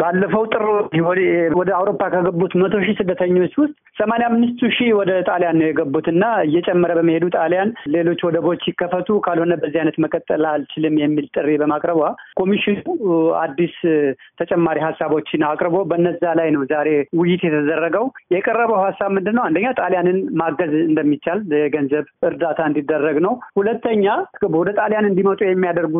ባለፈው ጥር ወደ አውሮፓ ከገቡት መቶ ሺህ ስደተኞች ውስጥ ሰማንያ አምስቱ ሺህ ወደ ጣሊያን ነው የገቡት እና እየጨመረ በመሄዱ ጣሊያን ሌሎች ወደቦች ይከፈቱ ካልሆነ በዚህ አይነት መቀጠል አልችልም የሚል ጥሪ በማቅረቧ ኮሚሽኑ አዲስ ተጨማሪ ሀሳቦችን አቅርቦ በነዛ ላይ ነው ዛሬ ውይይት የተደረገው። የቀረበው ሀሳብ ምንድን ነው? አንደኛ ጣሊያንን ማገዝ እንደሚቻል የገንዘብ እርዳታ እንዲደረግ ነው። ሁለተኛ ወደ ጣሊያን እንዲመጡ የሚያደርጉ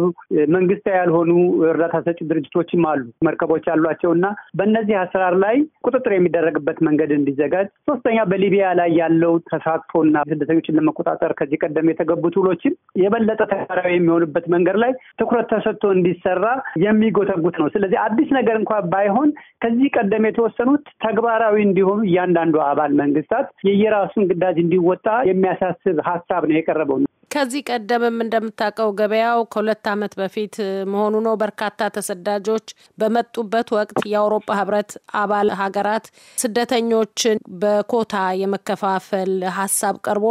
መንግስታዊ ያልሆኑ እርዳታ ሰጪ ድርጅቶችም አሉ፣ መርከቦች አሉ አሏቸው እና በእነዚህ አሰራር ላይ ቁጥጥር የሚደረግበት መንገድ እንዲዘጋጅ፣ ሶስተኛ በሊቢያ ላይ ያለው ተሳትፎና ስደተኞችን ለመቆጣጠር ከዚህ ቀደም የተገቡት ውሎችን የበለጠ ተግባራዊ የሚሆንበት መንገድ ላይ ትኩረት ተሰጥቶ እንዲሰራ የሚጎተጉት ነው። ስለዚህ አዲስ ነገር እንኳ ባይሆን ከዚህ ቀደም የተወሰኑት ተግባራዊ እንዲሆኑ እያንዳንዱ አባል መንግስታት የየራሱን ግዳጅ እንዲወጣ የሚያሳስብ ሀሳብ ነው የቀረበው። ከዚህ ቀደምም እንደምታውቀው ገበያው ከሁለት ዓመት በፊት መሆኑ ነው። በርካታ ተሰዳጆች በመጡበት ወቅት የአውሮፓ ሕብረት አባል ሀገራት ስደተኞችን በኮታ የመከፋፈል ሀሳብ ቀርቦ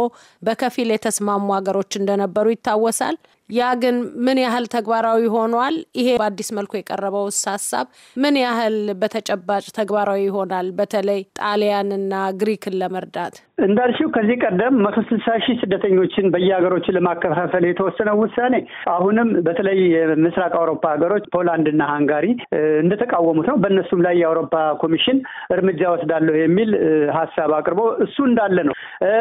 በከፊል የተስማሙ ሀገሮች እንደነበሩ ይታወሳል። ያ ግን ምን ያህል ተግባራዊ ሆኗል? ይሄ በአዲስ መልኩ የቀረበው ሀሳብ ምን ያህል በተጨባጭ ተግባራዊ ይሆናል? በተለይ ጣሊያንና ግሪክን ለመርዳት እንዳልሽው ከዚህ ቀደም መቶ ስልሳ ሺህ ስደተኞችን በየሀገሮችን ለማከፋፈል የተወሰነው ውሳኔ አሁንም በተለይ የምስራቅ አውሮፓ ሀገሮች ፖላንድና ሃንጋሪ እንደተቃወሙት ነው። በእነሱም ላይ የአውሮፓ ኮሚሽን እርምጃ ወስዳለሁ የሚል ሀሳብ አቅርቦ እሱ እንዳለ ነው።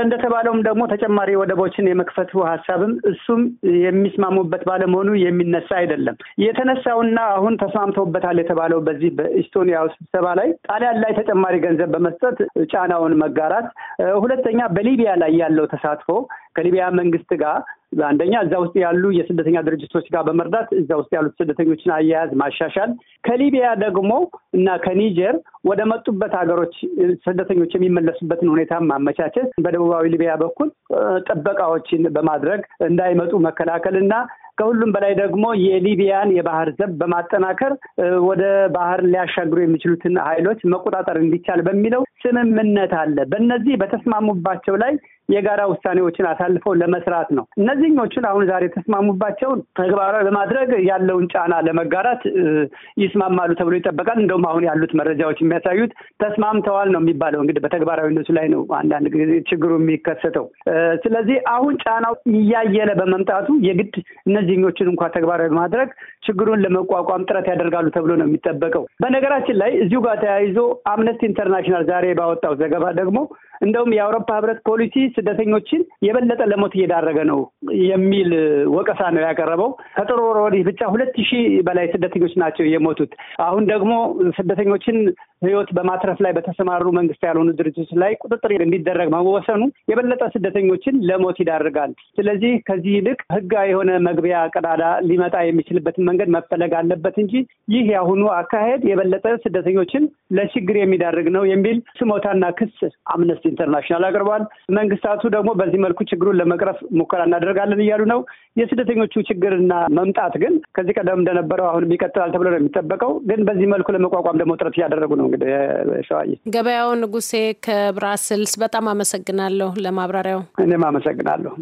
እንደተባለውም ደግሞ ተጨማሪ ወደቦችን የመክፈቱ ሀሳብም እሱም የሚ የተስማሙበት ባለመሆኑ የሚነሳ አይደለም። የተነሳውና አሁን ተስማምተውበታል የተባለው በዚህ በኢስቶኒያው ስብሰባ ላይ ጣሊያን ላይ ተጨማሪ ገንዘብ በመስጠት ጫናውን መጋራት ሁለተኛ በሊቢያ ላይ ያለው ተሳትፎ ከሊቢያ መንግስት ጋር አንደኛ እዛ ውስጥ ያሉ የስደተኛ ድርጅቶች ጋር በመርዳት እዛ ውስጥ ያሉት ስደተኞችን አያያዝ ማሻሻል፣ ከሊቢያ ደግሞ እና ከኒጀር ወደ መጡበት ሀገሮች ስደተኞች የሚመለሱበትን ሁኔታ ማመቻቸት፣ በደቡባዊ ሊቢያ በኩል ጥበቃዎችን በማድረግ እንዳይመጡ መከላከል እና ከሁሉም በላይ ደግሞ የሊቢያን የባህር ዘብ በማጠናከር ወደ ባህር ሊያሻግሩ የሚችሉትን ኃይሎች መቆጣጠር እንዲቻል በሚለው ስምምነት አለ። በእነዚህ በተስማሙባቸው ላይ የጋራ ውሳኔዎችን አሳልፈው ለመስራት ነው። እነዚህኞቹን አሁን ዛሬ የተስማሙባቸውን ተግባራዊ በማድረግ ያለውን ጫና ለመጋራት ይስማማሉ ተብሎ ይጠበቃል። እንደውም አሁን ያሉት መረጃዎች የሚያሳዩት ተስማምተዋል ነው የሚባለው። እንግዲህ በተግባራዊነቱ ላይ ነው አንዳንድ ጊዜ ችግሩ የሚከሰተው። ስለዚህ አሁን ጫናው እያየለ በመምጣቱ የግድ እነዚህኞቹን እንኳ ተግባራዊ በማድረግ ችግሩን ለመቋቋም ጥረት ያደርጋሉ ተብሎ ነው የሚጠበቀው። በነገራችን ላይ እዚሁ ጋር ተያይዞ አምነስቲ ኢንተርናሽናል ዛሬ ባወጣው ዘገባ ደግሞ እንደውም የአውሮፓ ህብረት ፖሊሲ ስደተኞችን የበለጠ ለሞት እየዳረገ ነው የሚል ወቀሳ ነው ያቀረበው። ከጥር ወር ወዲህ ብቻ ሁለት ሺህ በላይ ስደተኞች ናቸው የሞቱት። አሁን ደግሞ ስደተኞችን ሕይወት በማትረፍ ላይ በተሰማሩ መንግስት ያልሆኑ ድርጅቶች ላይ ቁጥጥር እንዲደረግ መወሰኑ የበለጠ ስደተኞችን ለሞት ይዳርጋል። ስለዚህ ከዚህ ይልቅ ህጋዊ የሆነ መግቢያ ቀዳዳ ሊመጣ የሚችልበትን መንገድ መፈለግ አለበት እንጂ ይህ የአሁኑ አካሄድ የበለጠ ስደተኞችን ለችግር የሚዳርግ ነው የሚል ስሞታና ክስ አምነስቲ ኢንተርናሽናል አቅርቧል። መንግስት መንግስታቱ ደግሞ በዚህ መልኩ ችግሩን ለመቅረፍ ሙከራ እናደርጋለን እያሉ ነው። የስደተኞቹ ችግርና መምጣት ግን ከዚህ ቀደም እንደነበረው አሁንም ይቀጥላል ተብሎ ነው የሚጠበቀው። ግን በዚህ መልኩ ለመቋቋም ደግሞ ጥረት እያደረጉ ነው። እንግዲህ ሸዋዬ ገበያው ንጉሴ ከብራስልስ በጣም አመሰግናለሁ ለማብራሪያው። እኔም አመሰግናለሁ።